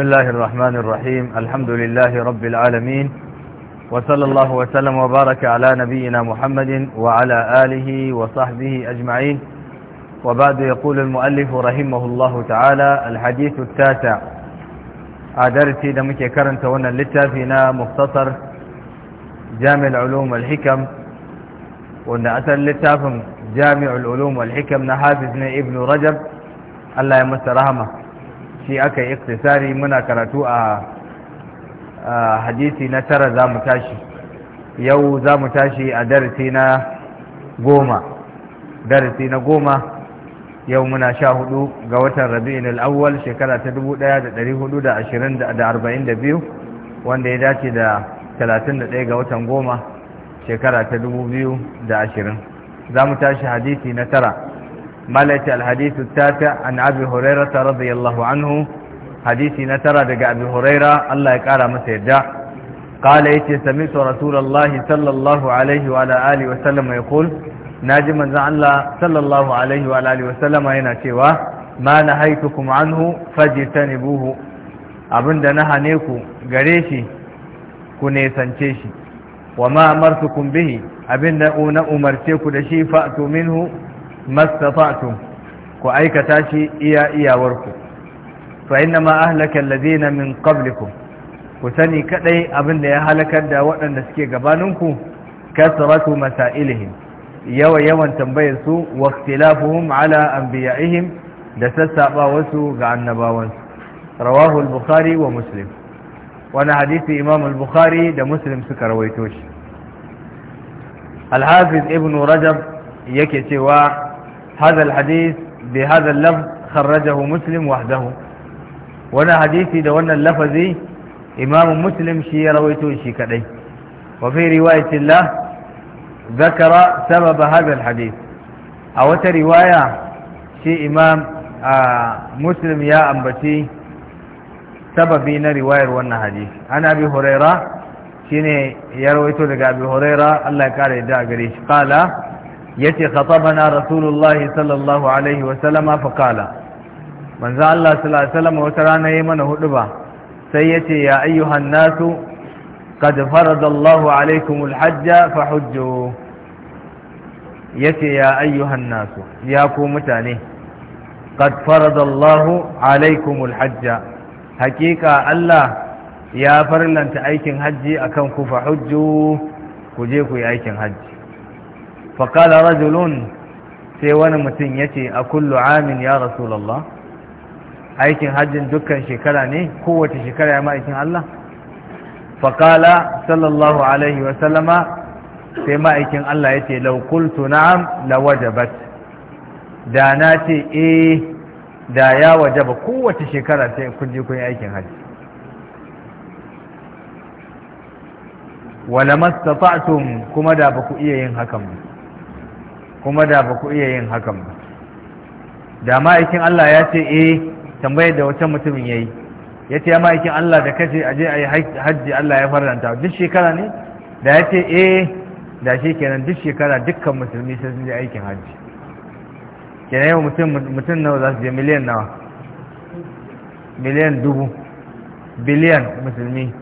بسم الله الرحمن الرحيم الحمد لله رب العالمين وصلى الله وسلم وبارك على نبينا محمد وعلى آله وصحبه أجمعين وبعد يقول المؤلف رحمه الله تعالى الحديث التاسع أدرتي دمك كرن تونا للتافينا مختصر جامع العلوم والحكم وانا أتى للتافم جامع العلوم والحكم نحافظنا ابن رجب الله يمس رحمه shi aka yi iktisari muna karatu a hadisi na tara za mu tashi yau za mu tashi a darasi na goma darasi na goma yau muna sha hudu ga watan rabi'in al'awwal shekara ta dubu daya da dari hudu ashirin arba'in da biyu wanda ya dace da talatin da 31 ga watan goma shekara ta dubu biyu da ashirin za mu tashi hadisi na tara مالك الحديث التاسع عن أبي هريرة رضي الله عنه حديث نترى دق أبي هريرة الله يقال مسيدا قال إيتي سمعت رسول الله صلى الله عليه وعلى آله وسلم يقول ناجما زعن الله صلى الله عليه وعلى آله وسلم هنا شواه ما نهيتكم عنه فاجتنبوه abinda na hane ku gare shi ku nesance shi wa ma amartukum bihi abinda na umarce ku da shi fa'tu minhu mastata'tum ku aikata shi iya iyawarku fa innama ahlaka alladhina min qablikum ku sani kadai abinda ya halakar da waɗanda suke gabaninku kasratu masailihim yawa yawan tambayar su wa ikhtilafuhum ala anbiya'ihim da sassaba wasu ga annabawansu rawahu al-bukhari wa muslim wani hadisi imam al-bukhari da muslim suka rawaito shi al-hafiz ibn rajab yake cewa هذا الحديث بهذا اللفظ خرجه مسلم وحده وانا حديثي ده وانا اللفظي إمام مسلم شي رويته شي كدي وفي رواية الله ذكر سبب هذا الحديث أو رواية شي إمام آه مسلم يا أنبتي سببين رواية وانا حديث أنا أبي هريرة شيني يرويته لك أبي هريرة الله قال يدعى قريش قال yace khatabana rasulullahi sallallahu alaihi wa sallama fa qala manzo Allah sallallahu alaihi wasallam wata rana yayi mana huduba sai yace ya ayyuhan nasu qad faradallahu alaikumul hajja fahujju yace ya ayyuhan nasu ya ku mutane qad faradallahu alaikumul hajja hakika Allah ya farlanta aikin haji akan ku fahujju ku je ku yi aikin haji faƙala rajulun sai wani mutum ya ce a kullu amin ya rasulallah aikin hajjin dukkan shekara ne kowace shekara ya ma'aikin Allah faƙala sallallahu alaihi wasallama sai ma'aikin Allah ya ce laukultu na'am la wajabat da na ce eh da ya wajaba kowace shekara sai kun je kun yi aikin hajji wala mastata'tum kuma da baku iya yin hakan ba kuma da ba ku iya yin hakan ba da ma'aikin Allah ya ce eh tambayar da wata mutumin ya yi ya ce ma'aikin Allah da kace aje a yi hajji Allah ya faranta duk shekara ne da ya ce eh da shi kenan duk shekara dukkan musulmi sai sun je aikin hajji kenan yau mutum nawa za su je miliyan nawa miliyan dubu biliyan musulmi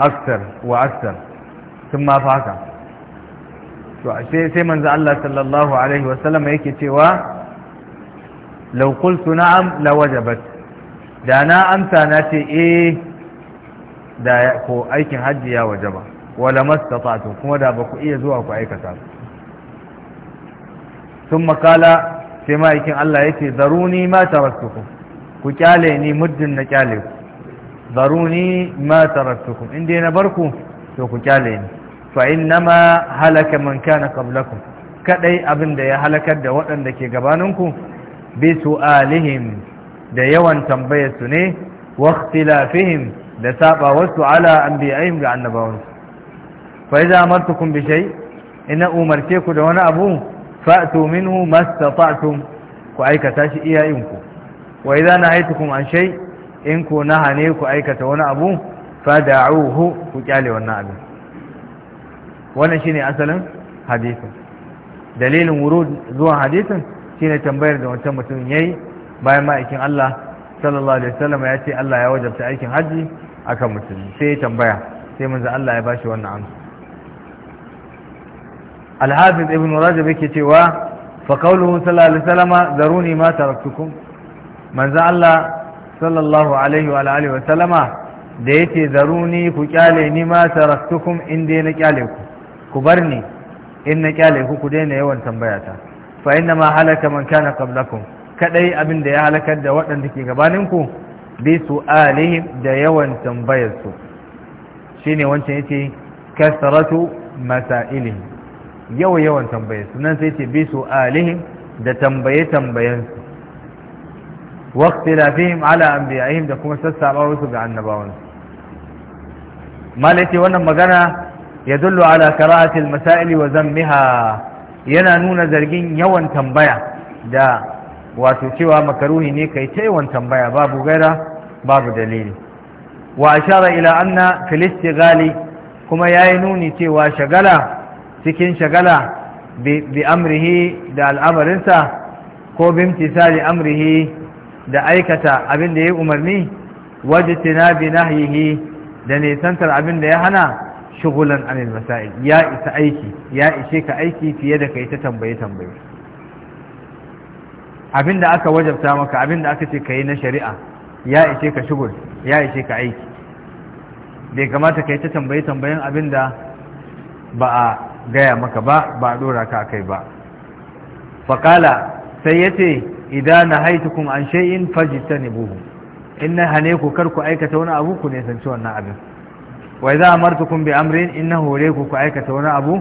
aksar wa aksar sun ma haka to sai sai manzo Allah sallallahu alaihi wasallam yake cewa law qultu na'am la wajabat da na amsa na ce eh da ko aikin hajji ya wajaba wala mastata'tu kuma da ba ku iya zuwa ku aikata sun makala sai ma'aikin Allah ce zaruni ma tarattukum ku kyale ni muddin na kyale ku zaruni ma tarattukum in dai na barku to ku kyale ni fa halaka man kana qablakum kadai abin da ya halakar da waɗanda ke gabaninku bi su'alihim da yawan tambayar ne wa da saba wasu ala anbiya'ihim ga annabawansu fa idza amartukum bi shay ina umarce ku da wani abu fa'tu minhu mastata'tum ku aikata shi iyayinku wa idza nahaytukum an shai? in ku nahane ku aikata wani abu fada'uhu ku kyale wannan abin wannan shine asalin hadisin dalilin wurud zuwa hadisin shine tambayar da wancan mutum yayi bayan ma'aikin Allah sallallahu alaihi wasallam ya ce Allah ya wajabta aikin haji akan mutum sai ya tambaya sai manzo Allah ya bashi wannan amsa Al-Hafiz Ibn Rajab yake cewa fa qawluhu sallallahu alaihi wasallam zaruni ma taraktukum manzo Allah sallallahu alaihi wa alihi wasallama da yake zaruni ku kyale ni ma taraktukum inda na kyale ku ku bar ni in na kyale ku ku daina yawan tambayata fa inna ma halaka man kana qablakum kadai abin da ya halakar da waɗanda ke gabanin ku bi su'alihim da yawan tambayar su shine wancan yace kasratu Masa'ilin, yawa yawan tambayar su nan sai yace bi su'alihim da tambaye tambayan su wa ikhtilafihim ala anbiya'ihim da kuma sassaba su ga annabawan malaki wannan magana يدل على كراهة المسائل وذمها yana nuna zargin yawan tambaya da wato cewa makaruhi ne kai ta yawan tambaya babu gaira babu dalili wa ashara ila anna filistigali kuma yayi nuni cewa shagala cikin shagala bi amrihi da al'amarinsa ko bimtisali amrihi da aikata abin da ya umarni wajtina bi nahyihi da nesantar abin da ya hana shugulan anil masail ya isa aiki ya ishe ka aiki fiye da kai ta tambaye tambaye abinda aka wajabta maka abinda aka ce ka na shari'a ya ishe ka shugul ya ishe ka aiki bai kamata ka ta tambaye tambayen abinda ba a gaya maka ba ba a dora ka kai ba faƙala sai ya ce idan na an shay'in fajtanibuhu in na hane kar ku aikata wani abu ku ne sanci wannan abin wa idza amartukum bi amrin innahu hore ku aikata wani abu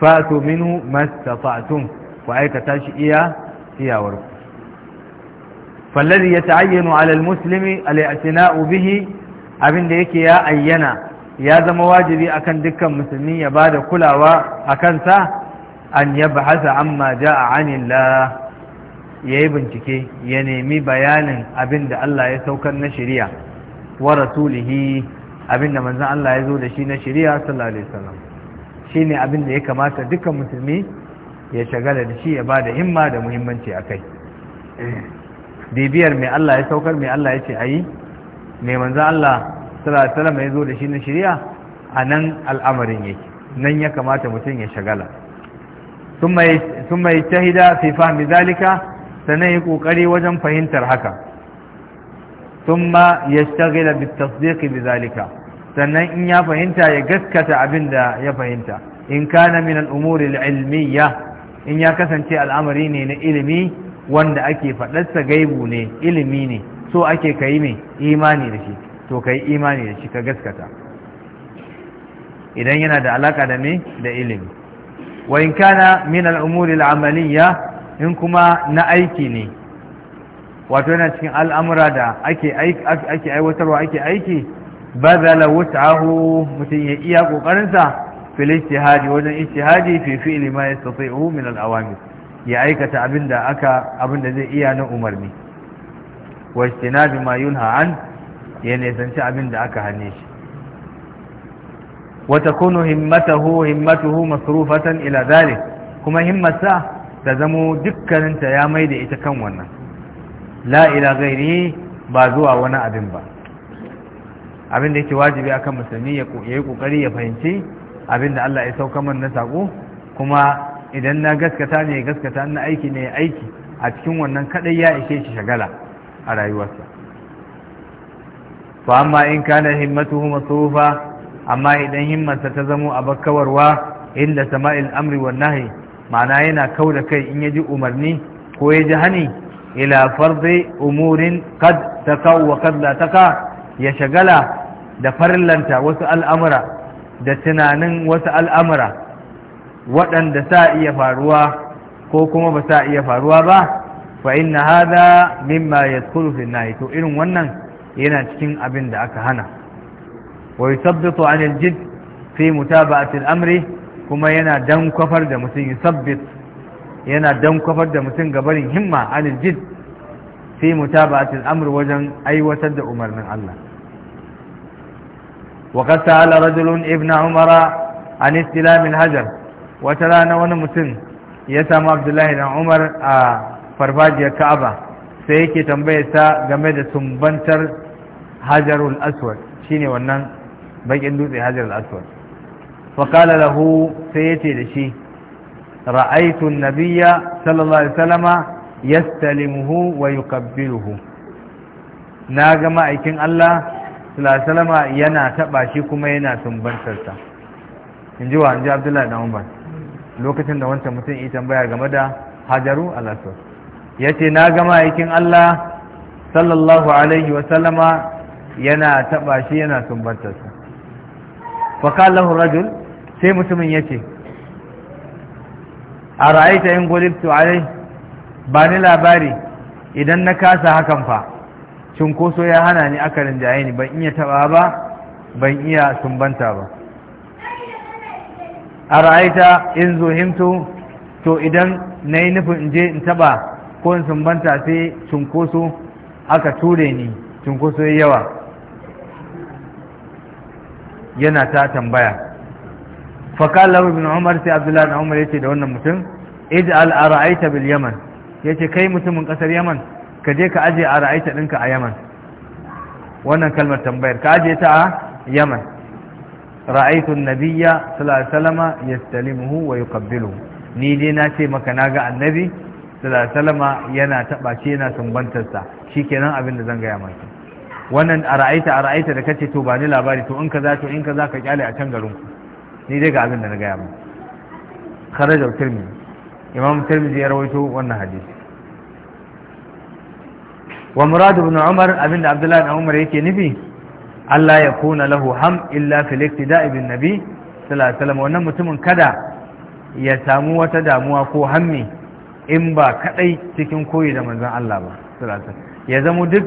fatu minhu mastata'tum ku aikata shi iya iyawar falladhi yata'ayyanu 'ala al-muslimi al-i'tina'u bihi abinda yake ya ayyana ya zama wajibi akan dukkan musulmi ya bada kulawa akan sa an yabhasa amma ja'a 'anillah ya yi bincike ya nemi bayanin abin da Allah ya saukar na shari'a wa rasulihi abin da manzan Allah ya zo da shi na shari'a sallallahu alaihi wasallam shine abin da ya kamata dukkan musulmi ya shagala da shi ya bada himma da muhimmanci akai bibiyar mai Allah ya saukar mai Allah ya ce ayi mai manzan Allah sallallahu alaihi wasallam ya zo da shi na shari'a anan al'amarin yake nan ya kamata mutum ya shagala sun mai tahida fi fahmi zalika sanai kokari wajen fahimtar haka sun ma ya shagila bi tasdiki bi zalika sannan in ya fahimta ya gaskata abin da ya fahimta in kana min al'umuri ilmiya in ya kasance al'amari ne na ilimi wanda ake faɗarsa gaibu ne ilimi ne so ake ka yi mai imani da shi to ka yi imani da shi ka gaskata idan yana da alaka da me da ilimi wa in kana min al'umuri al'amaliya in kuma na aiki ne wato yana cikin al'amura da ake aiwatarwa ake aiki bazala wut'ahu mutum ya iya kokarinsa fil ijtihadi wajen ijtihadi fi fi'li ma yastati'u min al-awamir ya aikata abinda aka abinda zai iya na umarni wa ijtinabi ma yunha an ya nisanci abinda aka hane shi wa takunu himmatuhu himmatuhu masrufatan ila dhalik kuma himmarsa ta zamo dukkaninta ya maida ita kan wannan la ila ghairihi ba zuwa wani abin ba abin da yake wajibi akan musulmi ya yi kokari ya fahimci abin da Allah ya sauka man na sako kuma idan na gaskata ne gaskata na aiki ne aiki a cikin wannan kadai ya ishe shi shagala a rayuwarsa fa amma in kana himmatuhu masufa amma idan himmarsa ta zamo a bakkawarwa inda sama'il amri wan nahi ma'ana yana kau da kai in yaji umarni ko ya ji hani ila fardi umurin qad taqaw wa qad la taqa ya shagala da lanta wasu al'amura da tunanin wasu al'amura waɗanda sa iya faruwa ko kuma ba sa iya faruwa ba fa inna hadha mimma yadkhulu fi nahi to irin wannan yana cikin abin da aka hana Wai yusabbitu an aljid fi mutaba'ati al-amri kuma yana dan kwafar da mutum yusabbit yana dan kwafar da mutum gabarin himma an aljid fi mutaba'ati al-amri wajen aiwatar da umarnin Allah وقد سأل رجل ابن عمر عن استلام الحجر وتلانا ونمتن يسام عبد الله بن عمر farfajiyar ka'aba sai yake tambayarsa game da sumbantar hajarul aswad shine wannan bakin dutse hajarul aswad faƙala lahu sai yace da shi ra'aitun nabiya sallallahu alaihi wasallama yastalimuhu wa na ga ma'aikin Allah salama yana taɓa shi kuma yana sumbantarsa in ji wa an ji abdullahi da umar lokacin da wancan mutum yi tambaya game da hajaru alasar ya ce na gama aikin allah sallallahu alaihi wasallama yana taɓa shi yana sumbantarsa fakallahu rajul sai mutumin ya ce a ra'aita in gulibtu alai ba ni labari idan na kasa hakan fa cinkoso ya hana ni aka rinjaye ni ban iya taba ba ban iya sumbanta ba a ra'aita in zuhimtu to idan na yi nufin in je in taba ko in sumbanta sai cinkoso aka ture ni cinkoso ya yawa yana ta tambaya faƙalar bin umar sai abdullahi na umar ya ce da wannan mutum ij'al ara'aita bil yaman ya ce kai mutumin ƙasar yaman ka je ka aje a ra'aita ɗinka a yaman wannan kalmar tambayar ka aje ta a yaman ra'aitun nabiya salama ya salimuhu wa kabbilu ni dai na ce maka na ga annabi salama yana taɓa ce yana sumbantarsa kenan abin da zan gaya maka wannan a ra'aita a ra'aita da kace to ba ni labari to in ka za to in ka za ka kyale a can garin ni dai ga abin da na gaya maka kharaja tirmidhi imam tirmidhi ya rawaito wannan hadisi wa muradu ibn umar abinda abdullahi ibn umar yake nufi Allah ya kuna lahu ham illa fil iktida'i bin nabi sallallahu alaihi wasallam wannan mutumin kada ya samu wata damuwa ko hammi in ba kadai cikin koyi da manzon Allah ba sallallahu alaihi ya zamo duk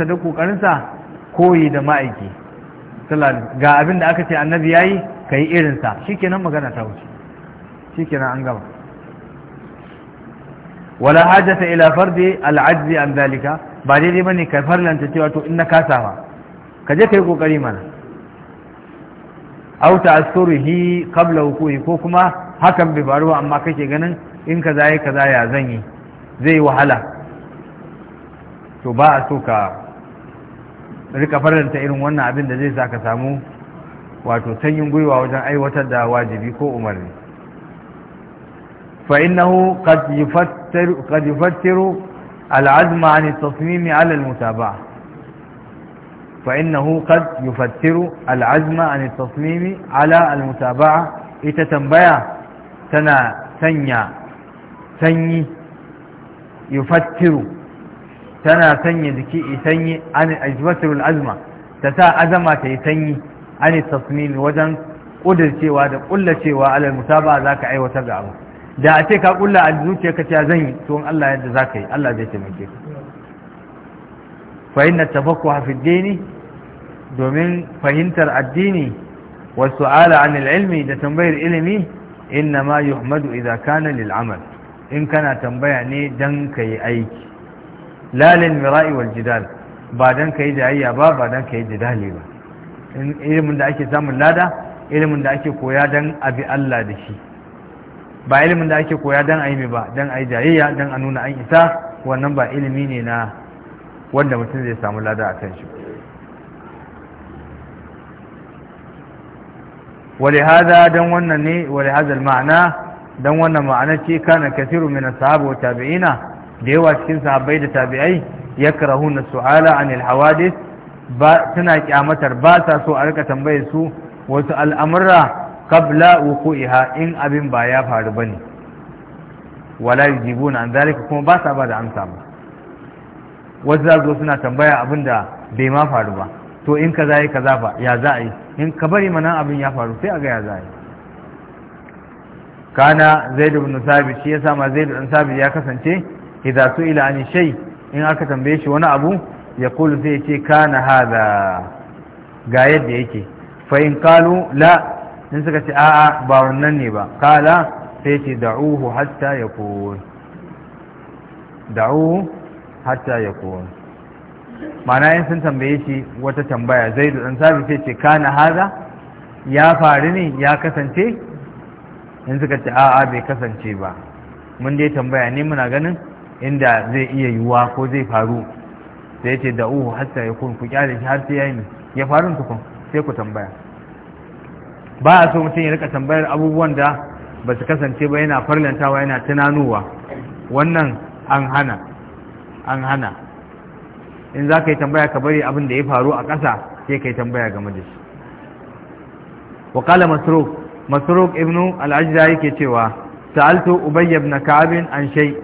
da duk sa koyi da ma'aiki sallallahu ga abin da aka ce annabi yayi kai irin sa shikenan magana ta wuce shikenan an gaba wala hajata ila fardi al-ajzi an dalika ba daidai ba ne ka farlanta cewa to in na kasa ba, ka je ka yi ƙoƙari mana auta asturuhi qabla hukumi ko kuma hakan bai faru amma kake ganin in ka zaye ka zaya zan yi zai wahala to ba a so ka rika farlanta irin wannan abin da zai sa ka samu wato sanyin gwiwa wajen aiwatar da wajibi ko umarni فإنه قد يفتر, العزم عن التصميم على المتابعة فإنه قد يفتر العزم عن التصميم على المتابعة إتتنبيع تنا سنيا سني يفتر تنا سني ذكي سني عن أجوثر العزمة تتا أزمة سني عن التصميم وجن قدر شيء وقل شيء على المتابعة ذاك أي وتبعه da a ce ka kulla a zuciya ka ce zan yi to Allah yadda za ka yi Allah zai taimake ka fa inna tafakkuha fi dini domin fahimtar addini wa su'ala an ilmi da tambayar ilimi inna ma yuhmadu idza kana lil amal in kana tambaya ne dan kai aiki la lil mira'i wal jidal ba dan kai jayayya ba ba dan kai jidali ba ilimin da ake samun lada ilimin da ake koya dan abi Allah da shi ba ilimin da ake koya don ayi mai ba a ayi jayayya don a nuna an isa wannan ba ilimi ne na wanda mutum zai samu lada a kan shi wale haza don wannan ne wale hazal ma'ana don wannan ma'ana ce kana kasiru mana ashabu wa tabi'ina da yawa cikin sahabbai da tabi'ai yakrahuna su'ala a hawadith ba suna kyamatar ba sa so a rika tambaye su wasu al'amurra qabla wuku'iha in abin ba ya faru bane wala yujibuna an zalika kuma ba sa ba da amsa ba wasu za su suna tambaya abin da bai ma faru ba to in ka za yi kaza fa ya za a yi in ka bari mana abin ya faru sai a ga ya za a yi kana Zaidu ibn sabi shi ya sama Zaidu ibn sabi ya kasance idza su'ila an shay in aka tambaye shi wani abu ya kulu sai ce kana hadha ga yadda yake fa in kalu la in suka ce a'a ba wannan ne ba kala sai ce da'uhu hatta ya kowai da'uhu hatta ya kowai mana in sun tambaye shi wata tambaya zai da ɗan sabi sai ce kana haza ya faru ne ya kasance in suka ce a'a bai kasance ba mun dai tambaya ne muna ganin inda zai iya yiwuwa ko zai faru sai ce da'uhu hatta ya kowai ku kyale shi har sai ya yi ya faru tukun sai ku tambaya ba a so mutum ya rika tambayar abubuwan da ba su kasance ba yana farlantawa yana tunanowa wannan an hana an hana in za ka yi tambaya ka bari abin da ya faru a ƙasa sai ka yi tambaya game da shi wa qala masruq ibnu al yake cewa sa'altu Ubayyab ibn ka'abin an shai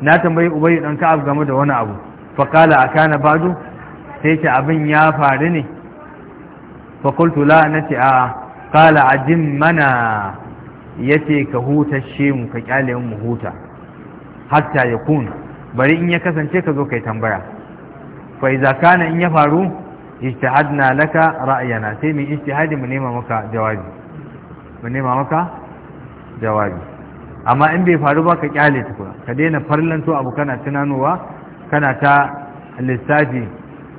na tambayi ubay dan ka'ab game da wani abu fa a kana badu sai ce abin ya faru ne fa na la ce a qala ajin mana yace ka hutashe mu ka kyale mu huta hatta ya yakun bari in ya kasance ka zo kai tambaya fa iza kana in ya faru ijtihadna laka ra'yana sai mu ijtihadi mu nema maka jawabi mu nema maka jawabi amma in bai faru ba ka kyale tukuna ka daina farlanto abu kana tunanowa kana ta lissafi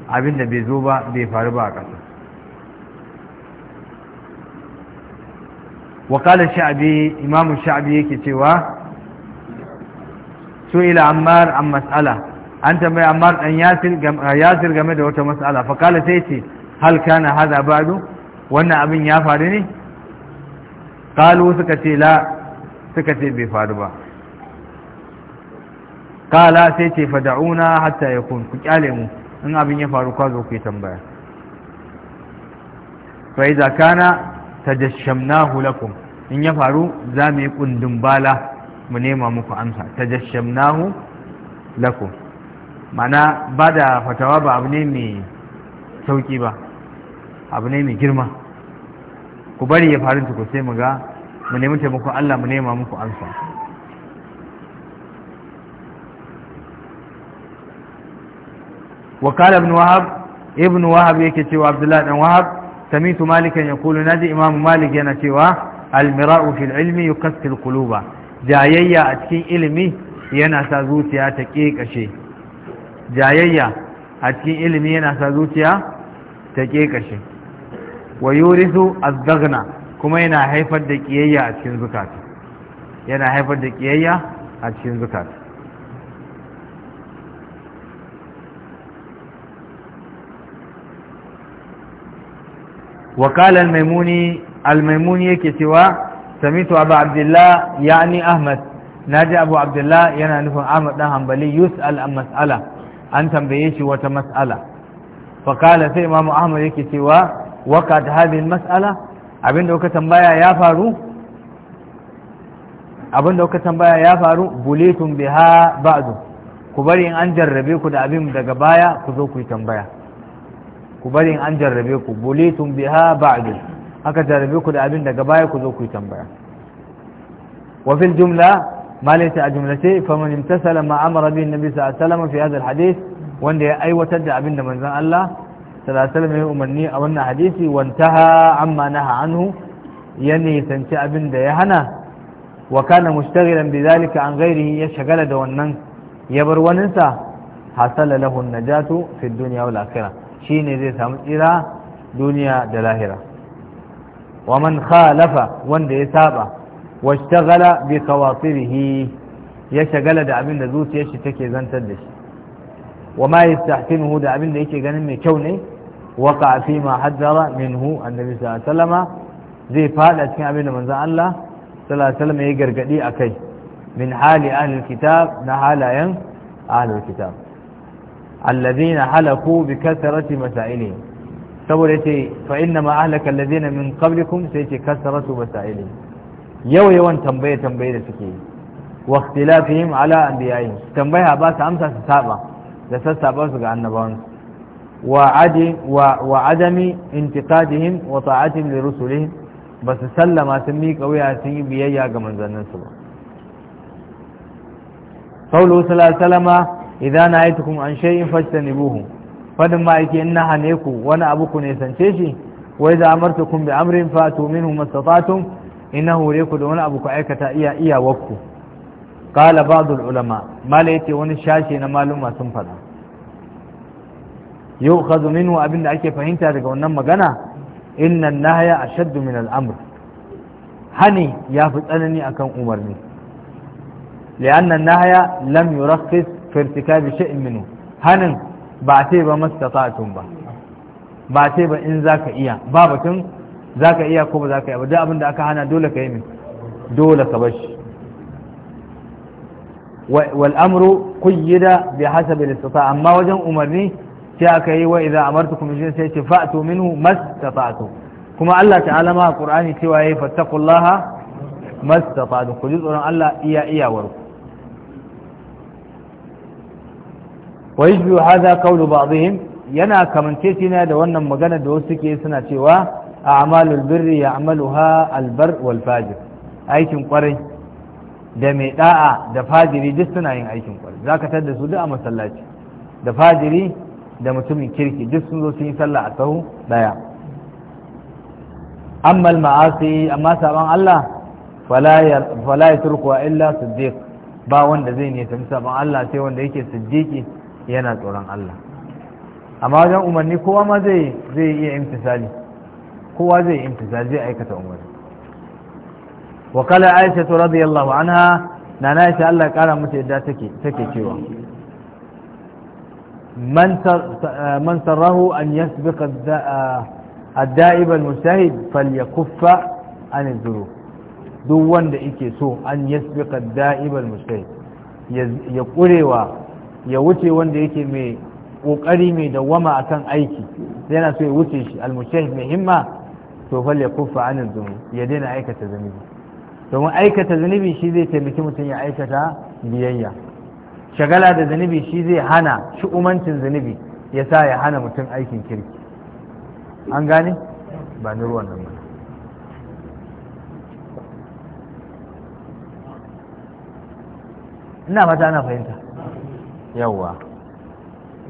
abinda bai zo ba bai faru ba a وقال الشعبي إمام الشعبي كتوا سئل عمار عن مسألة أنت ما عمار أن ياسر قمد ياسر مسألة فقال سيتي هل كان هذا بعد وأن أبن يافرني قالوا سكتي لا سكتي بفاربا قال سيتي فدعونا حتى يكون كتالمو إن أبن يفارو كازو كي تنبايا فإذا كان tajashamnahu lakum in ya faru za mu yi kundin bala mu nema muku amsa tajashamnahu lakum mana ba da fatawa ba abu ne mai sauki ba abu ne mai girma ku bari ya faru ku sai mu ga mu nemi taimakon Allah mu nema muku amsa wakala qala ibn wahab ibn wahab yake cewa abdullahi dan wahab samitu malikan yaqulu naji imamu malik yana cewa almira'u fil ilmi yukassil quluba jayayya a cikin ilimi yana sa zuciya ta kekashe jayayya a cikin ilimi yana sa zuciya ta kekashe wa yurisu azdagna kuma yana haifar da ƙiyayya a cikin zukata yana haifar da kiyayya a cikin zukata وقال الميموني الميموني yake cewa samitu abu abdullah yani ahmad naji abu abdullah yana nufin ahmad ɗan hanbali yus an mas'ala an tambaye shi wata mas'ala faqala sai imamu ahmad yake cewa waqad abin mas'ala abinda kuka tambaya ya faru abinda bai tambaya ya ku bari in an jarrabe ku da abin daga baya ku zo kuyi tambaya ku bari in an jarrabe ku bulitun biha ba'du aka jarrabe ku da abin daga baya ku zo ku yi tambaya wa fil jumla malaysa a jumlace faman imtasala ma amara bihi nabi sallallahu alaihi wasallam fi hadha alhadith wanda ya aiwatar da abin da manzon Allah sallallahu alaihi wasallam ya umarni a wannan hadisi wantaha amma naha anhu ya nisanci abin da ya hana wa kana mushtaghilan bidhalika an ghairihi ya shagala da wannan ya bar waninsa hasala lahu najatu fi dunya wal akhirah ne zai samu tsira duniya da lahira wa man khalafa wanda ya saba washtaghala bi khawatirihi ya shagala da abin da zuciyar shi take zantar da shi wa ma yastahsinuhu da abin da yake ganin mai kyau ne waka fi ma haddara minhu annabi sallallahu alaihi wasallama zai fada cikin abin da manzon Allah sallallahu alaihi wasallam ya gargadi akai min hali ahlul kitab na halayen ahlul kitab allazina halaku bi kasrati masailihim saboda yace fa inna ma ahlaka allazina min qablikum sai yace kasratu masailihim yau yawan tambaye tambaye da suke yi wa ikhtilafihim ala anbiya'ihim tambaya ba su amsa su saba da sassaba su ga annabawan wa adi wa wa adami intiqadihim wa ta'atihim ba su sallama sun miƙa wuya yi biyayya ga manzanninsu ba. Saulu Salama idza na'aytukum an shay'in fajtanibuhu fadin ma yake in hane ku wani abu ku ne sance shi wa idza amartukum bi amrin fatu minhu mastata'tum innahu riku da wani abu ku aikata iya iya wakku qala ba'dul ulama mala wani shashi na maluma sun fada yu'khadhu minhu abinda ake fahimta daga wannan magana inna an-nahya ashaddu min al-amr hani yafi tsanani akan umarni li'anna an-nahya lam yurakhis firtikabi sha'in minu hanin ba ce ba mastata'atun ba ba ce ba in zaka iya ba batun zaka iya ko ba zaka iya ba duk abin aka hana dole ka yi min dole ka bashi wal amru qayyida bi hasabi al-istita'a amma wajen umarni sai aka yi wa idza amartukum bi sai ce fa'tu minhu mastata'tu kuma Allah ta'ala ma Qur'ani cewa yayi fattaqullaha mastata'tu ku ji tsoron Allah iya iyawarku wa yajbu hadha qawlu ba'dihim yana kamancecina da wannan magana da wasu ke suna cewa a'malul birri ya'maluha albar wal aikin kwarai da mai da'a da fajiri duk suna yin aikin kwarai zaka tada su duk a masallaci da fajiri da mutumin kirki duk sun zo sun yi sallah a sahu daya amma ma'asi Allah fala illa siddiq ba wanda zai ne sabon Allah sai wanda yake siddiqi yana tsoron Allah amma wajen umarni kowa ma zai zai iya imtisali kowa zai imtisali zai aikata umarni wa kala aisha to radiyallahu anha na na aisha Allah kara mata yadda take take cewa man sarrahu an yasbiqa الدائب المجتهد فليكف عن الظروف duk wanda yake so an yasbiqa da'ibal mustahid ya kurewa ya wuce wanda yake mai kokari mai dawwama akan aiki yana so ya wuce shi almushahid mai himma to fal ya kuffa anan zunubi ya daina aikata zunubi domin aikata zunubi shi zai taimaki mutum ya aikata biyayya shagala da zunubi shi zai hana shi umancin zunubi ya sa ya hana mutum aikin kirki an gane ba ni ruwan nan ba ina fata ana fahimta yawa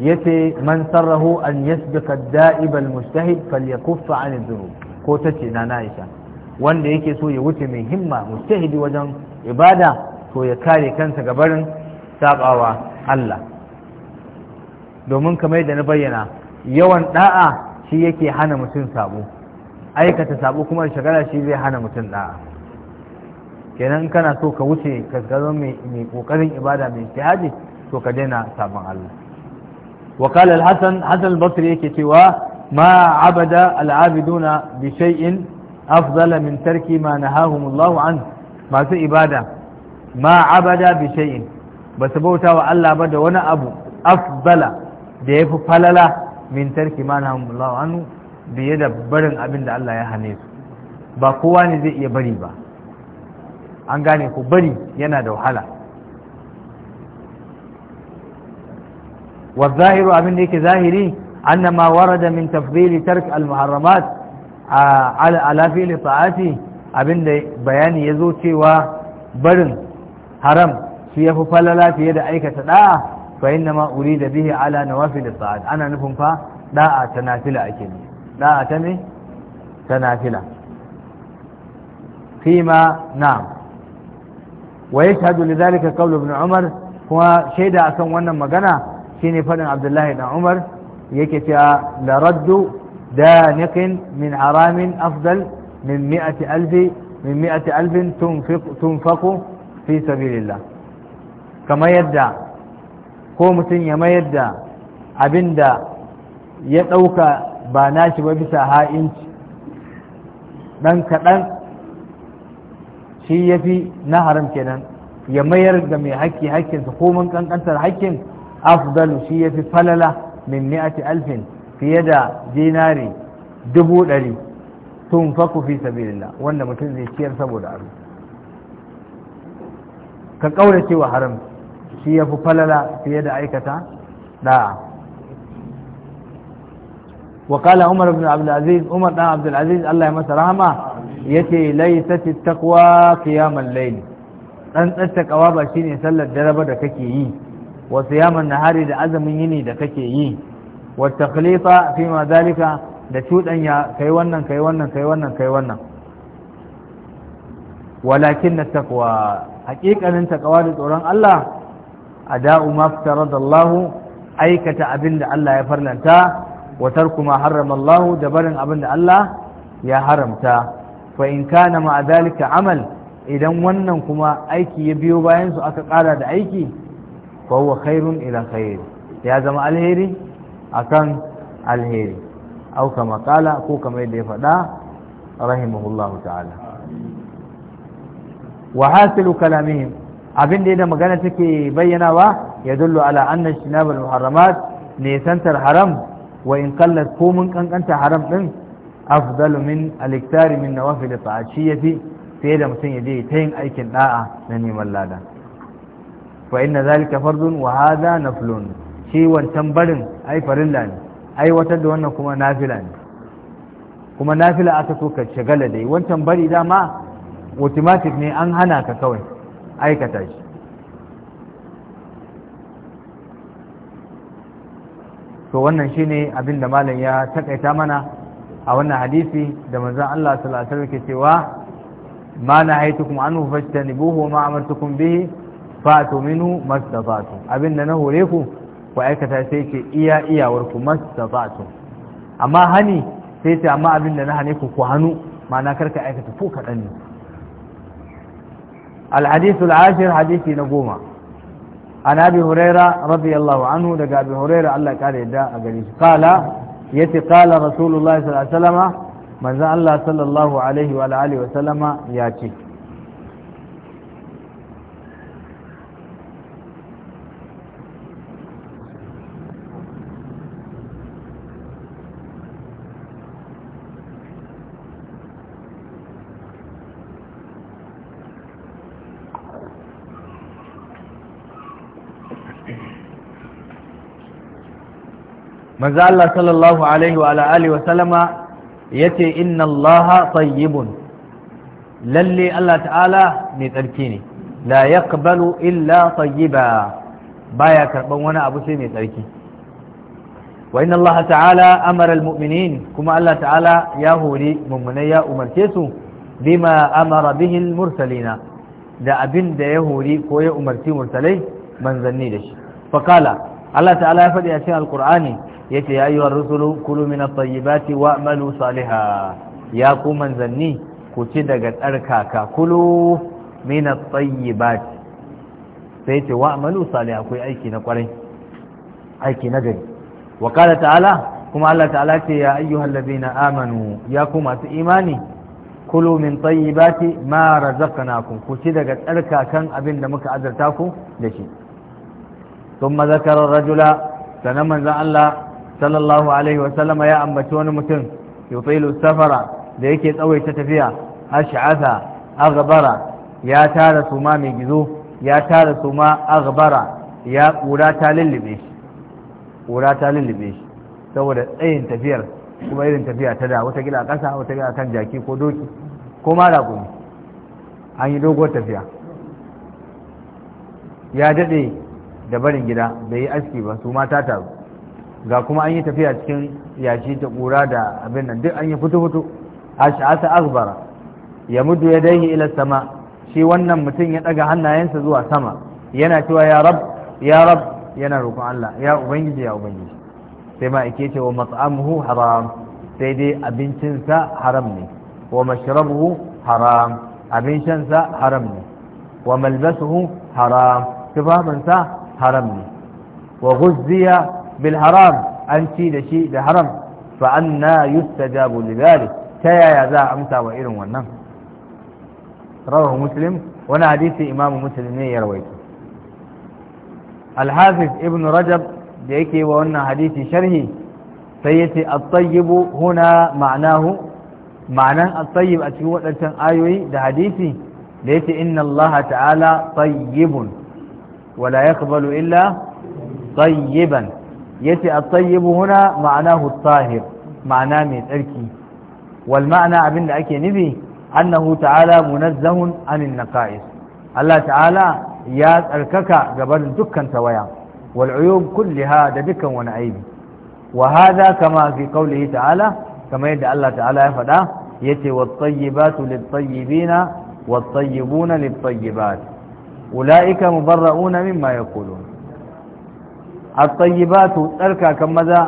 yace man sarrahu an yasbika da'ib al mustahid falyakuffa an adh-dhunub ko tace na Aisha wanda yake so ya wuce mai himma mustahidi wajen ibada to ya kare kansa ga barin sabawa Allah domin kamar da na bayyana yawan da'a shi yake hana mutum sabo aikata sabo kuma shagala shi zai hana mutum da'a kenan kana so ka wuce ka mai kokarin ibada mai ijtihadi to ka daina sabon Allah wa Hassan Hassan hasan al-basri yake cewa ma abada al-abiduna bi shay'in afdala an masu ibada ma abada bi ba su bauta wa Allah ba da wani abu afdala da yafi falala min tarki ma nahahum Allah da barin abin da Allah ya hane su ba kowa ne zai iya bari ba an gane ku bari yana da wahala wa zahiru abin da yake zahiri annama warada min tafdili tark al muharramat ala ala fi'li ta'ati abin da bayani yazo cewa barin haram shi yafi falala fiye da aikata da'a fa innama urida bihi ala nawafil ta'at ana nufin fa da'a ake da'a ta فيما نعم ويشهد لذلك قول ابن عمر kuma shaida akan wannan magana ne faɗin abdullahi dan umar yake cewa la raddu daniqin min haramin afdal min mi'ati alfi min mi'ati alfin tunfaku fi sabilillah kamar yadda ko mutum ya mayar da abin da ya ɗauka ba nashi ba bisa ha'inci ɗan kaɗan shi ya fi na haram kenan ya mayar da mai haƙƙi haƙƙinsa ko mun ƙanƙantar haƙƙin afdalu shi ya fi falala min mi'ati alfin fiye da dinari dubu ɗari tun faku fi sabilillah wanda mutum zai ciyar saboda aro ka kaura cewa haram shi ya fi falala fiye da aikata da وقال عمر بن عبد العزيز عمر بن عبد العزيز الله يمسه رحمه yace laitati taqwa qiyamul layl dan tsattakawa ba shine sallar daraba da kake yi Wasu yaman na hari da azumin yini da kake yi wata takhlifa fi ma zalika da cuɗanya kai wannan kai wannan kai wannan kai wannan walakin na taqwa haƙiƙanin taqwa da tsoron Allah da'u ma ftarada Allah aikata abin da Allah ya farlanta wa kuma ma Allah da barin abin da Allah ya haramta fa in kana ma zalika amal idan wannan kuma aiki ya biyo bayan su aka ƙara da aiki fa huwa khairun ila khair ya zama alheri akan alheri au kama kala ko kama yadda ya faɗa rahimahullahu ta'ala wa hasilu kalamihim abin da yadda magana take bayyanawa ya dullu ala anna shinabal muharramat nisantar haram wa in kallat ko mun kankanta haram ɗin afdalu min aliktari min nawafil ta'ashiyati fiye da mutum ya je ta yin aikin da'a na neman lada fa inna zalika fardun wa hadha naflun shi wancan barin ai farilla ne wata da wannan kuma nafila ne kuma nafila aka so ka shagala dai wancan bari dama automatic ne an hana ka kawai ka shi to wannan shine abin da malam ya takaita mana a wannan hadisi da manzon Allah sallallahu alaihi wasallam ke cewa ma na haitukum anhu fajtanibuhu ma amartukum bihi fatu minu abin da na hore ku ku aikata sai ce iya iyawar ku mastata'tum amma hani sai ce amma abin da na hane ku ku hanu ma'ana karka aikata ko kaɗan ne al ashir hadisi na goma an abi huraira radiyallahu anhu daga abi huraira Allah kare yadda a gare shi qala yace qala rasulullahi sallallahu sallallahu alaihi wa alihi wa sallama ya ce manzo Allah sallallahu alaihi wa alihi wa sallama yace inna Allah tayyibun lalle Allah ta'ala ne tsarki ne la yaqbalu illa tayyiba baya karban wani abu sai mai tsarki wa inna Allah ta'ala amara almu'minin kuma Allah ta'ala ya hori mummunai ya umarce su bima amara bihi almursalina da abin da ya hori ko ya umarci mursalai manzanni da shi Allah ta'ala ya faɗi a cikin alkur'ani ce ya wa rusulu kulu min at wa malu saliha ya ku manzanni ku ci daga tsarkaka kulu min at-tayyibati sai wa malu saliha ku aiki na kwarai aiki na gari wa qala ta'ala kuma Allah ta'ala ce ya ayyuhal na amanu ya ku masu imani kulu min tayyibati ma razaqnakum ku ci daga tsarkakan abin da muka azarta ku da shi ثم ذكر الرجل سنما ذا الله صلى الله عليه وسلم يا أمتون متن يطيل السفر ذيك يتأوي تتفيا أشعث أغبر يا تار سما مجذو يا تار سما أغبر يا وراتا للبيش وراتا للبيش سوى أين تفير kuma irin tafiya ta da wata gila a ƙasa wata gila kan jaki ko doki ko mara gumi an yi doguwar tafiya ya daɗe da barin gida bai yi aski ba su mata taru ga kuma an yi tafiya cikin yashi ta kura da abin nan duk an yi fito fito sha'asa akbara ya mudu ya daihi ila sama shi wannan mutum ya daga hannayensa zuwa sama yana cewa ya rab ya rab yana roƙon Allah ya ubangiji ya ubangiji sai ma ake cewa mat'amuhu haram sai dai abincinsa haram ne wa mashrabuhu haram abin shansa haram ne wa malbasuhu haram tufafinsa haram ne wa guzziya bil haram an ci da shi da haram fa anna ta yaya za a amsa wa irin wannan rawahu muslim wani hadisi imamu muslim ne ya rawaito alhafiz ibn rajab da yake wa wannan hadisi sharhi sai yace at-tayyib huna ma'nahu ma'anan a cikin waɗancan ayoyi da hadisi da yace inna Allah ta'ala tayyibun ولا يقبل إلا طيبا يتي الطيب هنا معناه الطاهر معناه من الأركي والمعنى أبن أكي نبي أنه تعالى منزه عن النقائص الله تعالى يا الكك قبل دكا توايا والعيوب كلها دكا ونعيب وهذا كما في قوله تعالى كما يدعى الله تعالى يفدا يتي والطيبات للطيبين والطيبون للطيبات ula'ika mubarra'una mimma yaqulun at-tayyibatu tsarkakan maza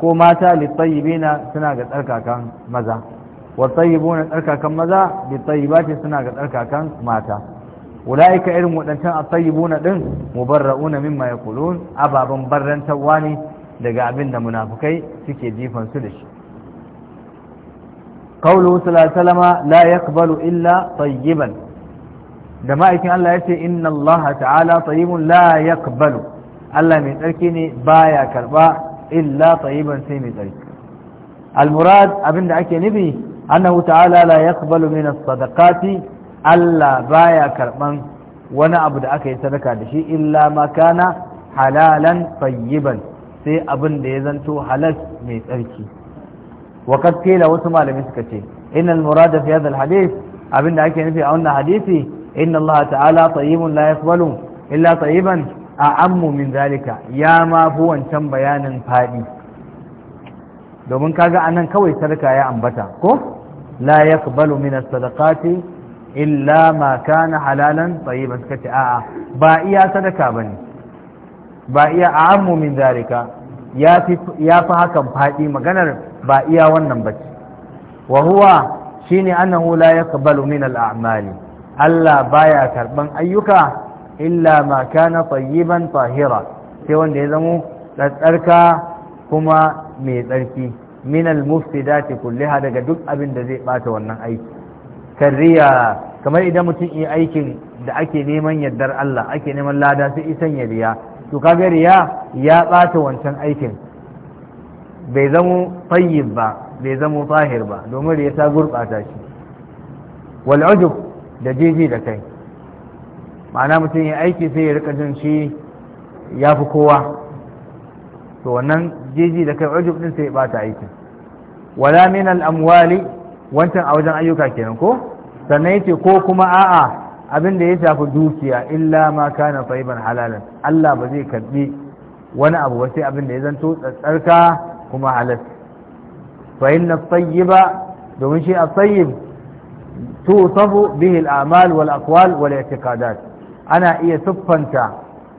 ko mata litayyibina suna ga tsarkakan maza wa tayyibuna tsarkakan maza litayyibati suna ga tsarkakan mata ula'ika irin wadancan at-tayyibuna din mubarra'una mimma yaqulun ababan barrantawa ne daga abinda munafukai suke jifan su da shi la illa tayyiban da ma'aikin Allah ya ce inna Allah ta'ala tayyibun la yaqbalu Allah mai tsarki ne baya karba illa tayyiban sai mai tsarki al-murad abinda ake nufi annahu ta'ala la yaqbalu min as-sadaqati Allah baya karban wani abu da aka yi sadaka da shi illa ma kana halalan tayyiban sai abin da ya zanto halal mai tsarki wa kad wasu malami suka ce innal murada fi hadha al-hadith abinda ake nufi a wannan hadisi inna Allah ta'ala tayyibun la yaqbalu illa tayyiban a'ammu min zalika ya ma wancan bayanin fadi domin ga anan kawai sarka ya ambata ko la yaqbalu min as-sadaqati illa ma kana halalan tayyiban kace a'a ba iya sadaka bane ba iya a'ammu min zalika ya fi hakan fadi maganar ba iya wannan bace wa huwa shine annahu la yaqbalu min al Allah baya karban ayyuka illa ma kana tayyiban tahira sai wanda ya zamo tsarka kuma mai tsarki min al-mufsidati kulliha daga duk abin da zai bata wannan aiki kariya kamar idan mutum yi aikin da ake neman yardar Allah ake neman lada sai isan ya riya to kaga riya ya bata wancan aikin bai zamo tayyib ba bai zamo tahir ba domin riya ta gurbata shi wal ujub da jeji da kai ma'ana mutum ya aiki sai ya rika jin shi ya fi kowa to wannan jeji da kai ujub din sai ya bata aiki. wala min al amwali wancan a wajen ayyuka kenan ko sannan yace ko kuma a'a abin da ya shafi dukiya illa ma kana tayyiban halalan Allah ba zai karbi wani abu ba sai abin da ya zanto tsarka kuma halal fa inna tayyiba domin shi a tayyib tusafu bihi al-a'mal wal akwal wal i'tiqadat ana iya siffanta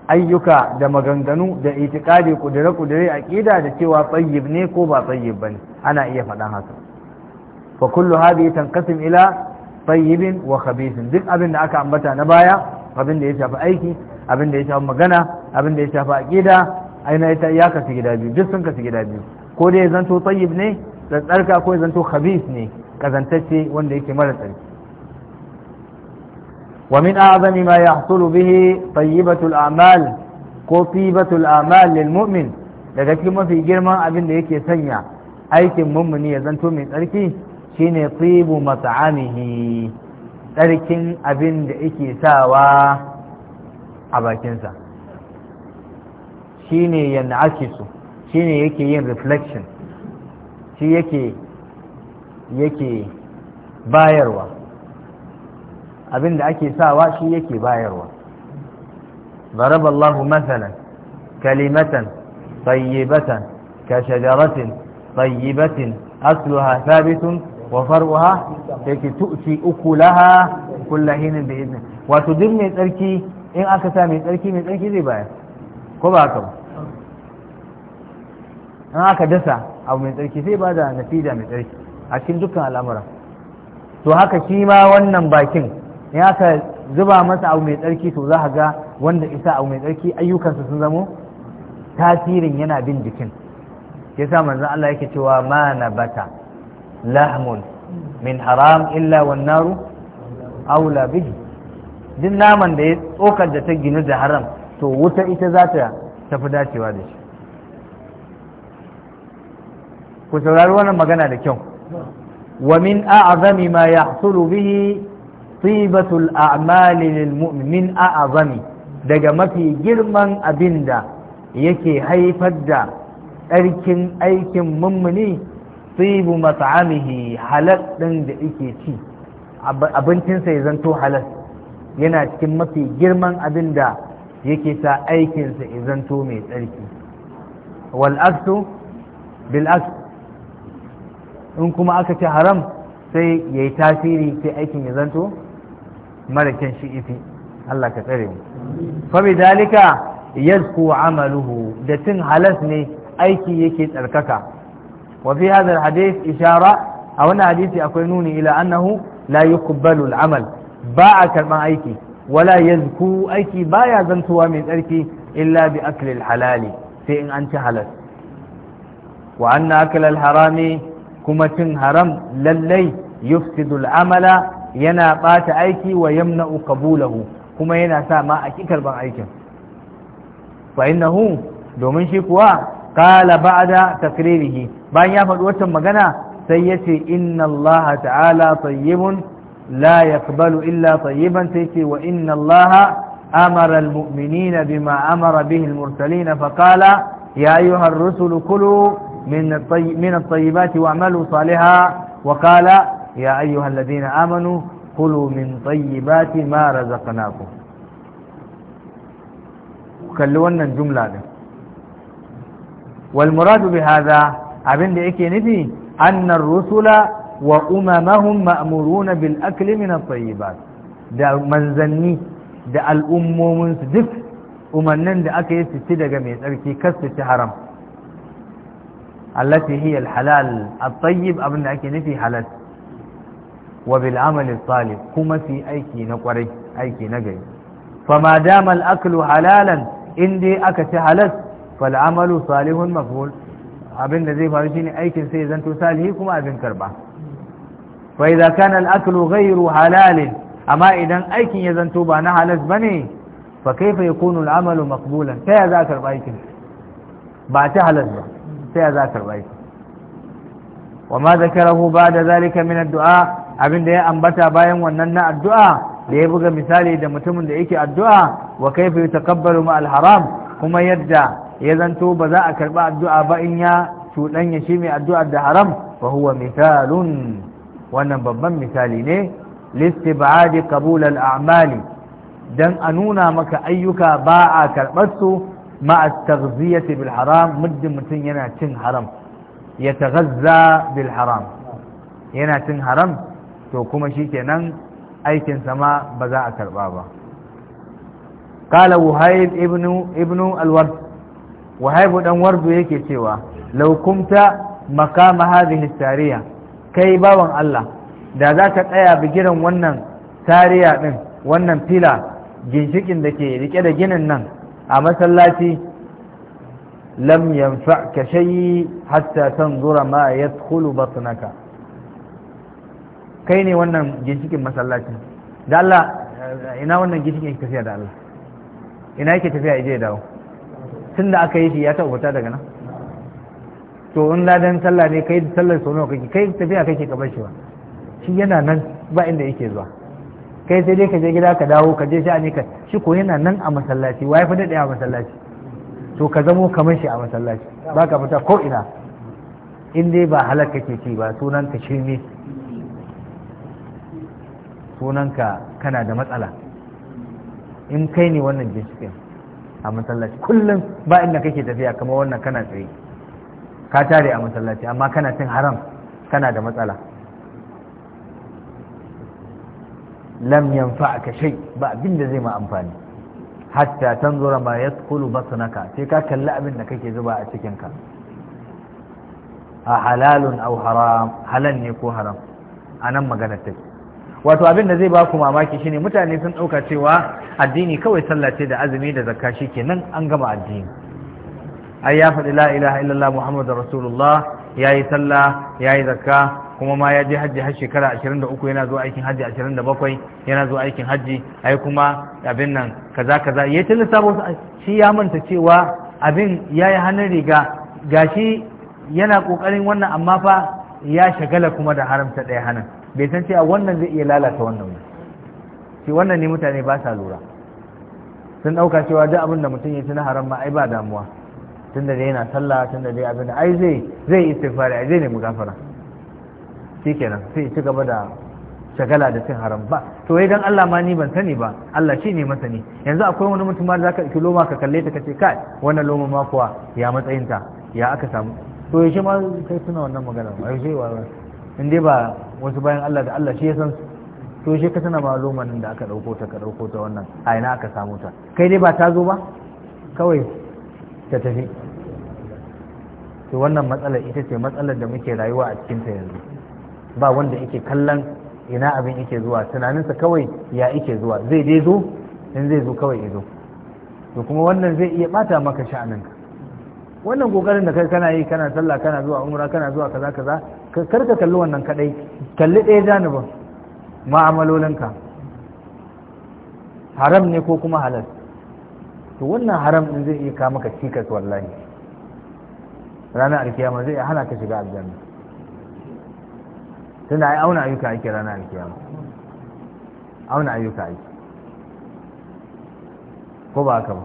ayyuka da maganganu da itikadi kudure kudure aqida da cewa tayyib ne ko ba tayyib bane ana iya faɗa haka fa kullu hadhihi tanqasim ila tayyibin wa khabithin duk abin da aka ambata na baya abin da ya shafi aiki abin da ya shafi magana abin da ya shafi aqida aina ya kasu gida biyu duk sun kasu gida biyu ko dai zanto tayyib ne da tsarka ko zanto khabith ne kazantacce wanda yake mara tsarki wa min a'zami ma yahsulu bihi tayyibatul a'mal ko tibatul a'mal lil mu'min daga cikin mafi girman abin da yake sanya aikin mummuni ya zanto mai tsarki shine tibu mat'amihi tsarkin abin da yake sawa a bakinsa shine yana ake shine yake yin reflection shi yake yake bayarwa abin da ake sawa shi yake bayarwa ضرب الله مثلا كلمة طيبة كشجرة طيبة أصلها ثابت وفرعها يكي تؤتي أكلها كل حين بإذن وتدر من تركي إن أكتا من تركي من تركي ذي باية كبا كبا إن أكدسا أو من تركي ذي بعد نتيجة من تركي a cikin dukkan al'amura to haka shi ma wannan bakin in aka zuba masa abu mai tsarki to za ga wanda isa abu mai tsarki ayyukansa sun zamo tasirin yana bin jikin yasa manzon Allah yake cewa ma na bata? lahmun min haram illa wan naru aula bihi din naman da ya tsokar da ta ginu da haram to wuta ita za ta tafi dacewa da shi ku saurari wannan magana da kyau ومن أعظم ما يحصل به طيبة الأعمال للمؤمن من أعظم daga mafi girman abin da yake haifar da ɗarkin aikin mummuni tsibu mat'amihi halal ɗin da yake ci abincinsa ya zanto halal yana cikin mafi girman abin da yake sa aikinsa ya zanto mai tsarki wal'aksu bil'aksu in kuma aka ce haram sai ya yi tasiri sai aikin ya zanto mara kyan shi ifi Allah ka tsare mu fa dalika yazku amaluhu da tun halas ne aiki yake tsarkaka wa fi hadha alhadith ishara a wannan hadisi akwai nuni ila annahu la yuqbalu al'amal ba a karban aiki wala yazku aiki baya zantuwa mai tsarki illa bi akli halali sai in an ci halas wa anna akla harami. kuma cin haram lallai yufsidul amala yana ɓata aiki wa yamna'u qabulahu kuma yana sa ma a kikarban aikin fa innahu domin shi kuwa qala ba'da takririhi bayan ya faɗi wata magana sai yace inna Allaha ta'ala tayyibun la yaqbalu illa tayyiban sai ce wa inna Allaha amara almu'minina bima amara bihi almursalin fa qala ya ayyuha ar-rusulu من الطي من الطيبات واعملوا صالحا وقال يا ايها الذين امنوا كلوا من طيبات ما رزقناكم وكلونا الجمله دي والمراد بهذا عند يكي نبي ان الرسل واممهم مامورون بالاكل من الطيبات ده من زني ده الامم من ذف ومنن ده أكل تي دغه مي تركي حرام allati hiya alhalal at-tayyib abin ake nufi halal wa bil amali salih kuma fi aiki na gari fama dama al-aklu halalan in dai aka ci halal fal amalu salihun maf'ul abin da zai faru shine aikin sai zanto salihi kuma abin karba fa idza kana halalin amma idan aikin ya zanto ba na halal bane fa kaifa yakunu al-amalu karba aikin ba ta ba sai za karba shi wa ma zakarahu ba'da zalika min addu'a abinda ya ambata bayan wannan na addu'a da ya buga misali da mutumin da yake addu'a wa kaifa yutakabbaru ma al-haram kuma yadda ya zanto ba za a karba addu'a ba in ya cuɗanya shi mai addu'a da haram fa huwa misalun wannan babban misali ne listibadi qabul al-a'mali dan a nuna maka ayyuka ba a karɓar su ma'a taghziyati bil haram mutum yana cin haram ya taghazza bil yana cin haram to kuma shikenan aikin sama ba za a karba ba Kala wahib ibnu ibnu al-ward wahib dan wardu yake cewa law kumta makama hadhihi kai bawan Allah da za ka tsaya bigiran wannan sariya din wannan fila ginshikin da ke rike da ginin nan a masallaci lam yanfa'ka shayi hatta tanzura ma yadkhulu batnaka kai ne wannan ginshikin masallaci da Allah ina wannan ginshikin ka tafiya da Allah ina yake tafiya ije dawo tun da aka yi shi ya tabbata daga nan to in ladan sallah ne kai sallar sau nawa kake kai tafiya kake kabar shi ba shi yana nan ba inda yake zuwa kai sai dai ka je gida ka dawo ka je ne ka shi ko yana nan a masallaci wai fa daɗe a masallaci to ka zamo kamar shi a masallaci ba ka fita ko ina in dai ba halar kake ci ba sunan ka shirme sunan ka kana da matsala in kai ne wannan ginshiƙin a masallaci kullum ba inda kake tafiya kamar wannan kana tsaye ka tare a masallaci amma kana cin haram kana da matsala lam yanfa'aka shay ba abin da zai ma amfani hatta tanzura ma yadkhulu batnaka sai ka kalli abin da kake zuba a cikin a halalun au haram halal ne ko haram anan magana take wato abin da zai ba ku mamaki shine mutane sun ɗauka cewa addini kawai sallah ce da azumi da zakka nan an gama addini ai ya faɗi la ilaha illallah muhammadur rasulullah yayi sallah yayi zakka kuma ma ya je hajji har shekara 23 yana zuwa aikin hajji 27 yana zuwa aikin hajji ai kuma abin nan kaza kaza ya ta lissafo shi ya manta cewa abin ya yi hannun riga gashi yana kokarin wannan amma fa ya shagala kuma da haramta ɗaya hannun bai san cewa wannan zai iya lalata wannan ba shi wannan ne mutane ba sa lura sun ɗauka cewa duk abin da mutum ya ci na haram ma ai ba damuwa tunda dai yana sallah tunda dai abin da ai zai zai istighfari ai zai nemi gafara kenan sai ci gaba da shagala da cin haram ba to wai dan Allah ma ni ban sani ba Allah shi ne masani yanzu akwai wani mutum da zaka ɗauki loma ka kalle ta kace kai wannan loma ma kuwa ya matsayinta ya aka samu to yaushe ma kai suna wannan magana ba yaushe wa in dai ba wasu bayan Allah da Allah shi ya san to yaushe ka tana ma loman da aka dauko ta ka dauko ta wannan a ina aka samu ta kai dai ba ta zo ba kawai ta tafi to wannan matsalar ita ce matsalar da muke rayuwa a cikinta yanzu ba wanda yake kallon ina abin yake zuwa tunaninsa kawai ya yake zuwa zai dai zo in zai zo kawai ya zo to kuma wannan zai iya bata maka sha'aninka wannan kokarin da kai kana yi kana sallah kana zuwa umra kana zuwa kaza kaza kar ka kalli wannan kadai kalli ɗaya janibin ma'amalolinka haram ne ko kuma halal to wannan haram din zai iya ka maka cikas wallahi ranar alkiyama zai hana ka shiga aljanna tunda ai auna ayyuka ake rana alkiyama auna ayyuka ake ko ba haka ba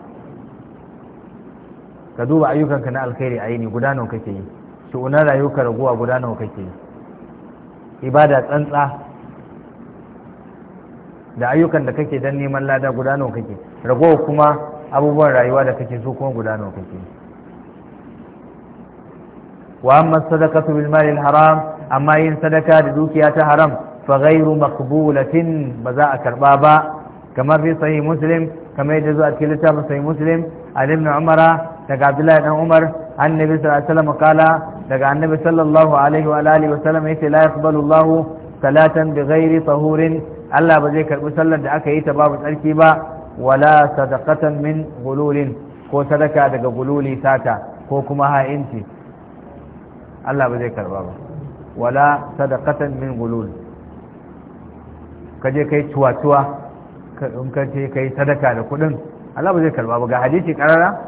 ka duba ayyukanka na alkhairi a yini guda nawa kake yi shi'unar rayuka raguwa guda nawa kake yi ibada tsantsa da ayyukan da kake dan neman lada guda nawa kake raguwa kuma abubuwan rayuwa da kake so kuma guda nawa kake wa amma sadaqatu bil al haram amma yin sadaka da dukiya ta haram fa ghairu maqbulatin ba za a karba ba kamar fi sahih muslim kamar yadda zuwa cikin littafin sahih muslim an ibn umara daga abdullahi dan umar annabi sallallahu alaihi wasallam kala daga annabi sallallahu alaihi wa alihi wasallam yace la yaqbalu Allah salatan bighairi tahurin Allah ba zai karbi sallar da aka yi ta babu tsarki ba wala sadaqatan min gululin ko sadaka daga gululi sata ko kuma ha'inci Allah ba zai karba ba wala sadaqatan min gulul kaje kai tuwatuwa in ka ce kai sadaka da kuɗin Allah ba zai karba ba ga hadisi karara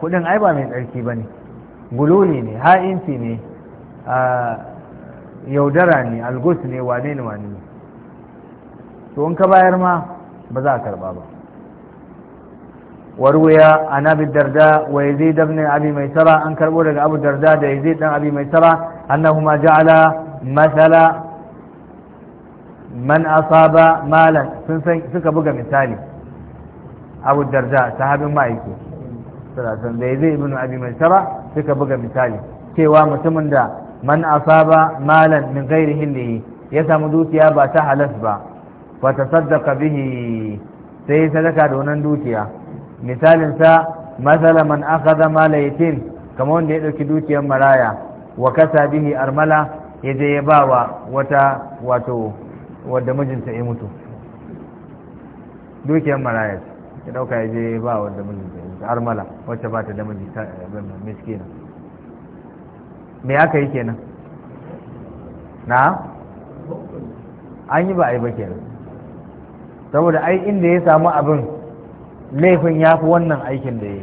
kuɗin ai ba mai tsarki bane gululi ne ha'inci ne yaudara ne algus ne wane ne wane ne to in ka bayar ma ba za a karba ba وروي عن أبي الدرداء ويزيد بن أبي ميسرة أن كربولة أبو الدرداء يزيد بن أبي ميسرة أنهما جعل مثل من أصاب مالا سنك بقى مثالي أبو الدرداء صحاب ما يكي ثلاثا يزيد بن أبي ميسرة سنك بقى مثالي كيوا متمن دا من أصاب مالا من غير هله يسامدوت يا باتا حلسبا فتصدق به سيسدك دون دوتيا misalin sa masala man aka zama laifin kamar wanda ya ɗauki dukiyar maraya wa kasa bihi armala ya je ya ba wa wata wato wadda mijinta ya mutu dukiyar maraya ya ɗauka ya je ya ba wadda mijinta ya mutu armala wacce ba ta da miji miskina me aka yi kenan na an yi ba a yi ba kenan saboda ai inda ya samu abin laifin ya fi wannan aikin da ya yi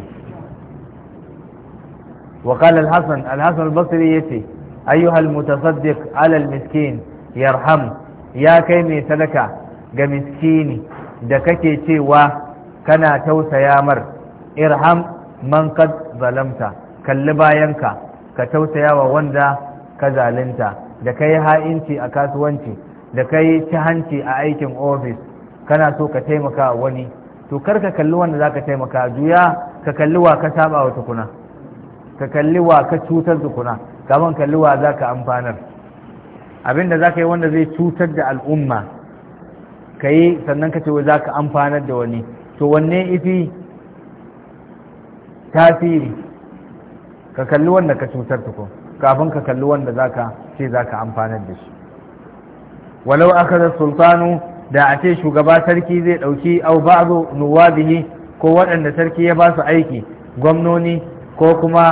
wa kala alhassan alhassan albasiri ya ce ayyuhal mutasaddiq alal miskin yarham ya kai mai sadaka ga miskini da kake cewa kana tausaya mar irham man kad zalamta kalli bayanka ka tausaya wa wanda ka zalinta da ka yi ha'inci a kasuwanci da ka yi ci hanci a aikin ofis kana so ka taimaka wani to kar ka kalli wanda za ka taimaka juya ka kalli wa ka saba wa tukuna ka kalli wa ka cutar tukuna kaman kalli wa za ka amfanar abinda za ka yi wanda zai cutar da al'umma ka yi sannan ka ce wa za ka amfanar da wani to wanne ifi tasiri ka kalli wanda ka cutar tukun kafin ka kalli wanda za ka ce za ka amfanar da shi walau aka da sultanu da a ce shugaba sarki zai ɗauki au ba'du nuwabihi ko waɗanda sarki ya ba su aiki gwamnoni ko kuma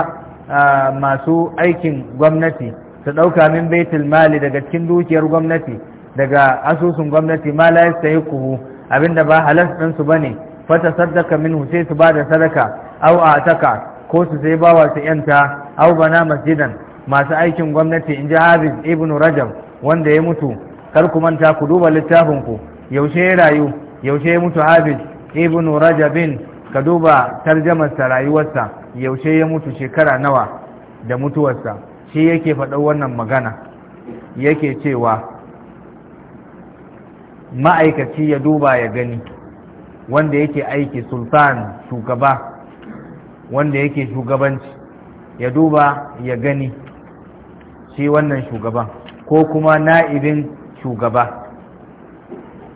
masu aikin gwamnati su ɗauka min baitul mali daga cikin dukiyar gwamnati daga asusun gwamnati ma la yastahiquhu abinda ba halas din su bane fata saddaka minhu sai su bada sadaka au ataka ko su sai bawa su yanta au bana masjidan masu aikin gwamnati in ji habib Ibn Rajab wanda ya mutu kar ku manta ku duba littafin ku yaushe ya rayu yaushe ya mutu hafiz ibn rajabin ka duba sa rayuwarsa yaushe ya mutu shekara nawa da mutuwarsa shi yake faɗa wannan magana yake cewa ma'aikaci ya duba ya gani wanda yake aiki sultan shugaba wanda yake shugabanci ya duba ya gani shi wannan shugaban ko kuma na'ibin shugaba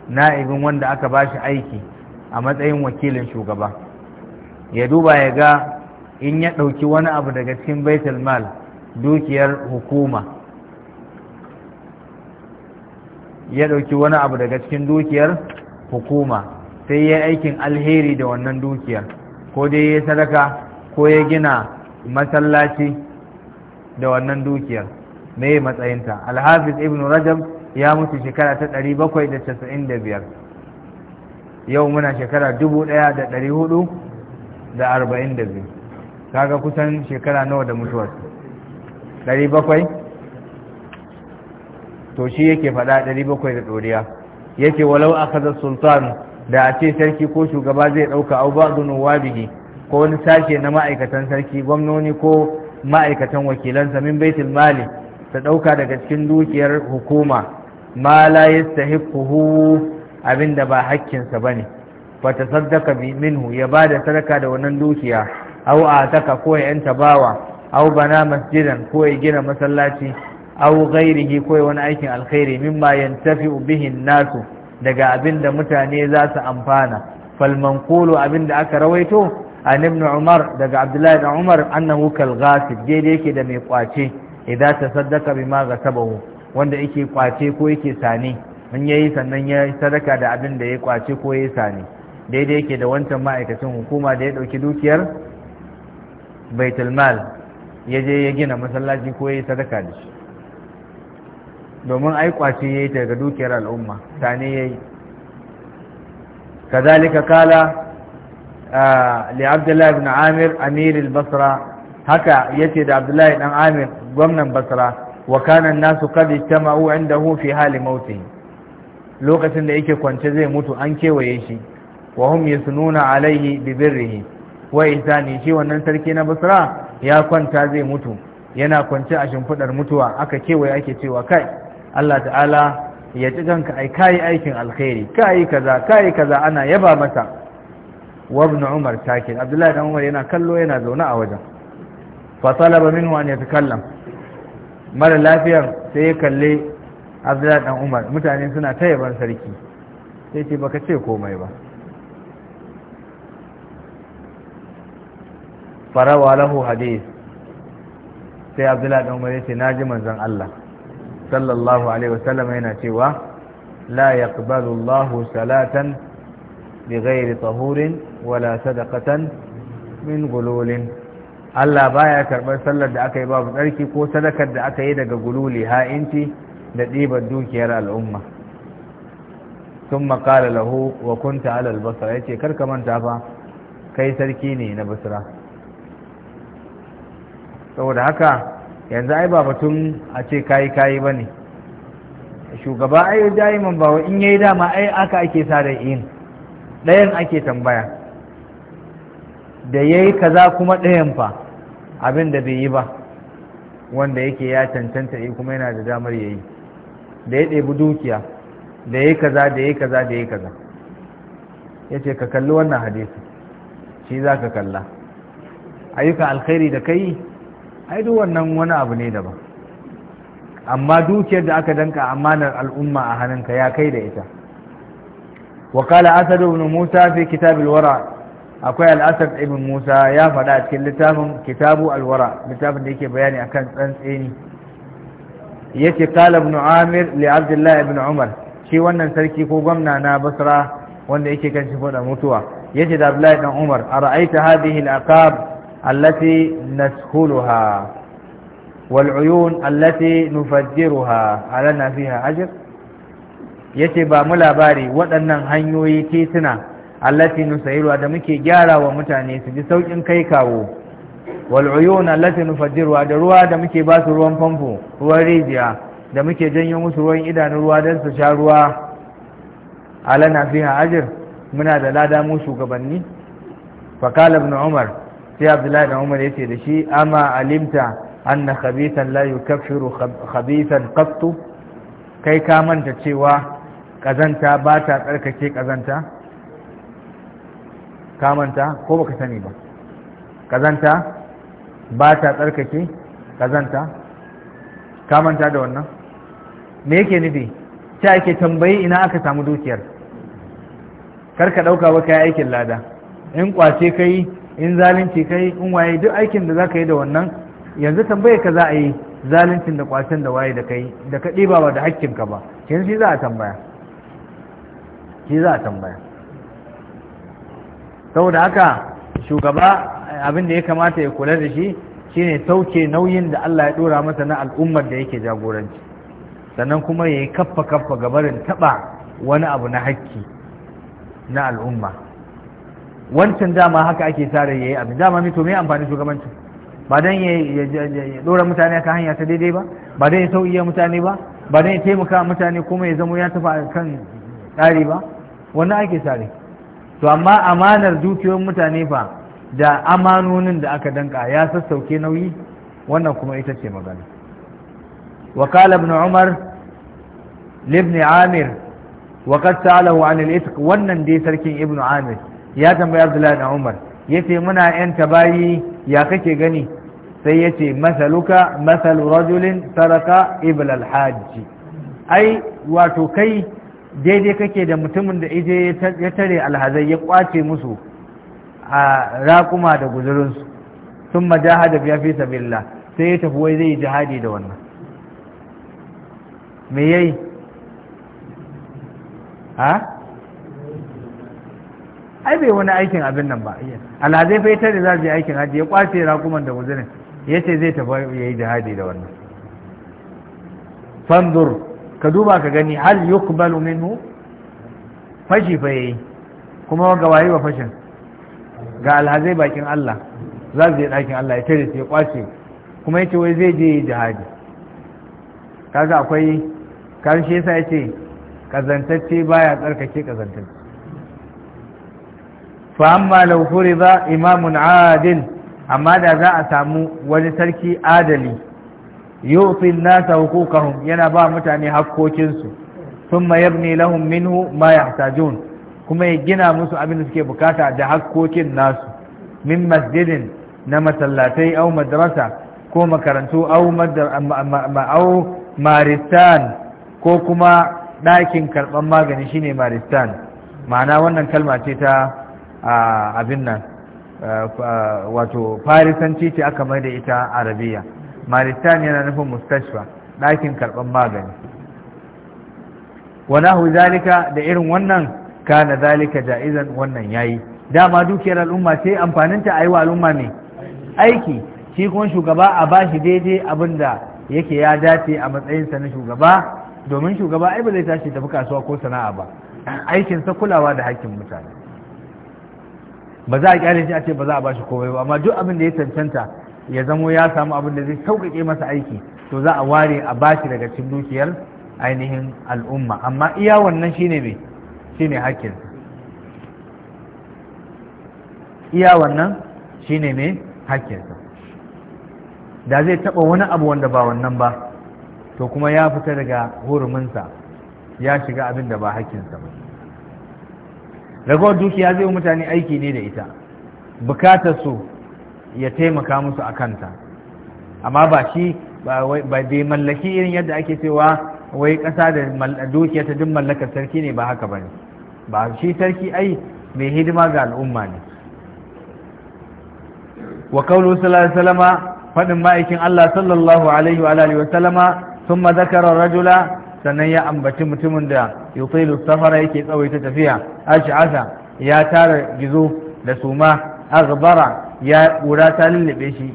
na'ibin wanda aka ba shi aiki a matsayin wakilin shugaba ya duba ya ga in ya ɗauki wani abu daga cikin baitul mal dukiyar hukuma ya ɗauki wani abu daga cikin dukiyar hukuma sai ya aikin alheri da wannan dukiyar ko dai ya sadaka ko ya gina masallaci da wannan dukiyar me matsayinta alhafiz ibn rajab ya mutu shekara ta ɗari bakwai da casa'in da biyar yau muna shekara dubu ɗaya da ɗari hudu da arba'in da biyu kaga kusan shekara nawa da mutuwar ɗari bakwai to shi yake faɗa ɗari bakwai da ɗoriya yake walau aka da sultan da a ce sarki ko shugaba zai ɗauka au ba'dun wabigi ko wani sashe na ma'aikatan sarki gwamnoni ko ma'aikatan wakilansa min baitul mali ta ɗauka daga cikin dukiyar hukuma ma la yastahiquhu abinda ba hakkinsa bane fa saddaka minhu ya bada sadaka da wannan dukiya aw ataka ko yan yanta bawa aw bana masjidan ko ya gina masallaci aw ghairihi ko wani aikin alkhairi mimma yantafi'u bihi nasu daga abinda mutane za su amfana fal manqulu abinda aka rawaito an ibn umar daga abdullahi da umar annahu kal ghasib je yake da mai kwace idan tasaddaka bima ghasabahu wanda yake kwace ko yake sane in yi sannan ya yi sadaka da abin da ya kwace ko ya yi sane daidai yake da wancan ma'aikacin hukuma da ya ɗauki dukiyar baitulmal ya je ya gina masallaci ko ya yi sadaka da shi domin ai kwace ya yi daga dukiyar al'umma sane ya yi kazalika kala li abdullahi ibn amir amir basra haka yace da abdullahi dan amir gwamnan basra wa kana nasu qad ijtama'u indahu fi hali mautihi lokacin da yake kwance zai mutu an kewaye shi wa hum nuna alaihi bi birrihi wa ihsani shi wannan sarki na Basra ya kwanta zai mutu yana kwance a shimfidar mutuwa aka kewaye ake cewa kai Allah ta'ala ya ji kanka ai kai aikin alkhairi kai kaza kai kaza ana yaba masa wa ibn Umar sakin Abdullahi dan Umar yana kallo yana zaune a wajen fa talaba minhu an yatakallam mara lafiyar sai ya kalle abdullahi dan umar mutane suna ta yaban sarki sai ce baka ce komai ba farawa lahu hadis sai abdullahi dan umar ya ce na ji manzon Allah sallallahu alaihi wasallam yana cewa la yaqbalu Allahu salatan بغير tahurin wala sadaqatan min gululin Allah baya karɓar sallar da aka yi babu tsarki ko sadakar da aka yi daga gululi ha'inci da ɗiban dukiyar al'umma sun makala lahu wa kunta alal basra ya ce karka manta fa kai sarki ne na basra saboda haka yanzu ai ba batun a ce kayi kayi ba ne shugaba ai man ba in yayi dama ai aka ake sa da yin ɗayan ake tambaya da yayi kaza kuma ɗayan fa abin da bai yi ba wanda yake ya cancanta yi kuma yana da damar ya yi da ya ɗebi dukiya da ya yi kaza da ya yi kaza da ya yi kaza ya ce ka kalli wannan hadisi shi za ka kalla ayyuka alkhairi da kai ai duk wannan wani abu ne daban amma dukiyar da aka danka amanar al'umma a hannunka ya kai da ita وقال أسد بن موسى في كتاب الورع akwai al'asar ibn musa ya faɗa a cikin littafin kitabu alwara littafin da yake bayani akan tsantseni ya ce kala ibn amir li abdullahi ibn umar shi wannan sarki ko gwamna na basra wanda yake kan shi faɗa mutuwa ya ce da abdullahi dan umar a ra'aita hadihi al'aqab allati nashuluha wal uyun allati nufajjiruha alana fiha ajr yace ba mu labari waɗannan hanyoyi titina. allati nusairu da muke gyara wa mutane su ji saukin kai kawo wal uyun allati nufajjiru da ruwa da muke ba su ruwan famfo ruwan rijiya da muke janyo musu ruwan idanun ruwa don su sha ruwa alana fiha ajr muna da lada mu shugabanni fakala ibn umar sai abdullahi ibn umar yace da shi amma alimta anna khabithan la yukaffiru khabithan qattu kai ka manta cewa kazanta ba ta tsarkake kazanta ka manta ko baka sani ba kazanta ba ta tsarkake kazanta ka manta da wannan me yake nufi ta ake tambayi ina aka samu dukiyar kar ka ɗauka ba kai aikin lada in kwace kai in zalunci kai in waye duk aikin da za ka yi da wannan yanzu tambaye ka za a yi zaluncin da kwacen da waye da kai da ka ɗiba ba da hakkinka ba kin shi za a tambaya shi za a tambaya saboda haka shugaba abin da ya kamata ya kula da shi shi ne sauke nauyin da Allah ya dora masa na al'ummar da yake jagoranci sannan kuma ya yi kaffa kaffa gabarin taba wani abu na hakki na al'umma wancan dama haka ake tsara ya yi abin dama mito me amfani shugabancin ba don ya dora mutane kan hanya ta daidai ba ba don ya sauƙiya mutane ba ba don ya taimaka mutane kuma ya zamo ya tafi kan tsari ba wannan ake tsari to amma amanar dukiyoyin mutane fa da amanonin da aka danka ya sassauke nauyi wannan kuma ita ce magana وقال ابن Ibn Amir عامر وقد سأله an الإتق wannan dai sarkin ibn Amir ya tambayi Abdullahi ibn Umar yace muna yan tabayi ya kake gani sai yace masaluka masal rajulin saraka ibl al ai wato kai daidai kake da mutumin da ije ya tare alhazai ya kwace musu a raƙuma da guzurinsu sun majahada biya fi sabilla sai ya tafi wai zai yi jihadi da wannan me yayi ha ai bai wani aikin abin nan ba alhazai fa ya tare za su yi aikin hajji ya kwace raƙuman da guzurin ya ce zai tafi ya yi jihadi da wannan fandur ka duba ka gani hal yuqbalu minhu fashi fa yayi kuma ga waye ba fashin ga alhazai bakin Allah za su je ɗakin Allah ya tare su ya kwace kuma ya ce wai zai je jihadi kaga akwai kan shi yasa yace kazantacce baya tsarkake kazantacce fa amma law furiza imamun adil amma da za a samu wani sarki adali yu'ti nasa huquqahum yana ba mutane hakkokinsu mayar ne lahun minhu ma yahtajun kuma ya gina musu abin da suke bukata da hakkokin nasu min masjidin na masallatai au madrasa ko makarantu au maristan ko kuma ɗakin karɓar magani shine maristan ma'ana wannan kalma ce ta abin nan wato farisanci ce aka mai da ita arabiya maristan yana nufin mustashfa ɗakin karɓar magani wa nahu zalika da irin wannan kana zalika ja'izan wannan yayi dama dukiyar al'umma sai amfanin ta ayi wa al'umma ne aiki shi kuma shugaba a bashi daidai abin yake ya dace a matsayinsa na shugaba domin shugaba ai ba zai tashi tafi kasuwa ko sana'a ba aikin sa kulawa da hakkin mutane ba za a kyale shi a ce ba za a bashi komai ba amma duk abin da ya cancanta ya zamo ya samu abin da zai sauƙaƙe masa aiki to za a ware a bashi daga cikin dukiyar ainihin al'umma amma iya wannan shine mai shine hakkin iya wannan shine me hakkinsa da zai taɓa wani abu wanda ba wannan ba to kuma ya fita daga huruminsa ya shiga abin da ba hakkinsa ba ragowar dukiya zai yi mutane aiki ne da ita bukatar su ya taimaka musu a kanta amma ba shi ba bai mallaki irin yadda ake cewa wai ƙasa da dukiya ta duk mallakar sarki ne ba haka ba ne ba shi sarki ai mai hidima ga al'umma ne wa kaulu salama faɗin ma'aikin Allah sallallahu alaihi wa alihi wa sun mazakarar rajula sannan ya ambaci mutumin da yutilu safara yake tsawaita tafiya ash'asa ya tara gizo da suma aghbara ya kura ta lullube shi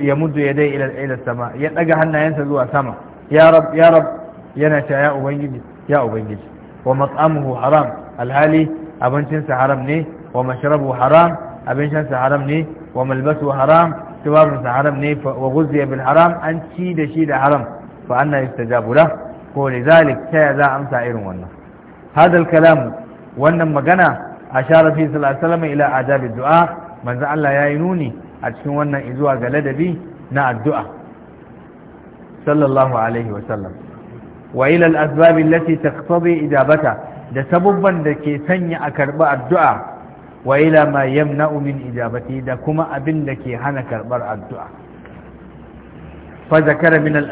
ya mudu ya dai ila sama ya daga hannayensa zuwa sama ya rab ya rab yana ta ya ubangiji ya ubangiji wa mat'amuhu haram alhali abincinsa haram ne wa mashrabu haram abincinsa haram ne wa malbasu haram tubabinsa haram ne wa guzziya bil haram an ci da shi da haram fa anna yustajabu lah ko lizalik ta za amsa irin wannan hadal kalam wannan magana a sharafi sallallahu alaihi wasallam ila adabi du'a manzo Allah ya yi nuni a cikin wannan izuwa ga ladabi na addu'a sallallahu alaihi wasallam wa ila al-asbab allati taqtadi da sabubban da ke sanya a karɓi addu'a wa ila ma yamna'u min ijabati da kuma abin da ke hana karɓar addu'a fa zakara min al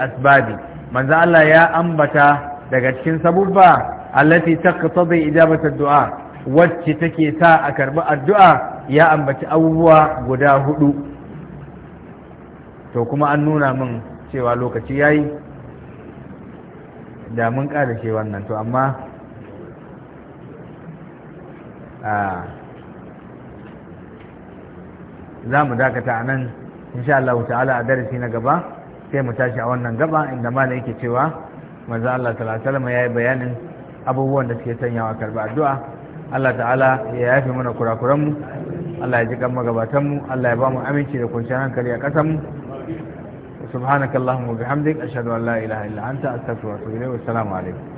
manzo Allah ya ambata daga cikin sabubba allati taqtadi ijabata ad-du'a wacce take sa a karbi addu'a ya ambaci abubuwa guda hudu to kuma an nuna min cewa lokaci ya yi, da mun ƙara shi wannan to amma za mu dakata a nan insha Allah ta'ala a darasi na gaba sai mu tashi a wannan gaba inda mala yake cewa maza Allah sallallahu ya yi bayanin abubuwan da suke sanyawa karɓi addu'a Allah ta'ala ya yafe mana kurakuranmu Allah ya ji kan magabatanmu Allah ya ba mu aminci da kwanciyar hankali a ƙasanmu subhanakallahumma wa bihamdik ashhadu an la ilaha illa anta astaghfiruka wa atubu ilayk wa assalamu alaikum